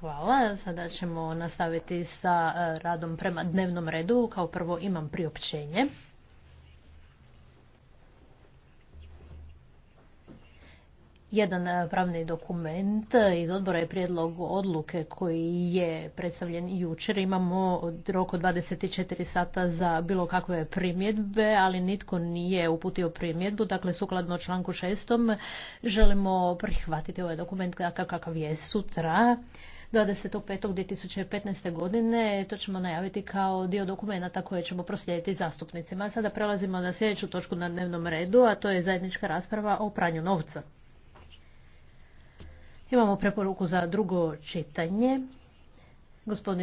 Hvala. Sada ćemo nastaviti sa eh, radom prema dnevnom redu. Kao prvo imam priopćenje. Jedan e, pravni dokument e, iz odbora je prijedlog odluke koji je predstavljen jučer. Imamo rok od 24 sata za bilo kakve primjedbe, ali nitko nije uputio primjedbu. Dakle, sukladno članku šestom. želimo prihvatiti ovaj dokument kakav je sutra. 25.2015. godine. To ćemo najaviti kao dio dokumenata koje ćemo proslijediti zastupnicima. Sada prelazimo na sljedeću točku na dnevnom redu, a to je zajednička rasprava o pranju novca. Imamo preporuku za drugo čitanje. Gospodin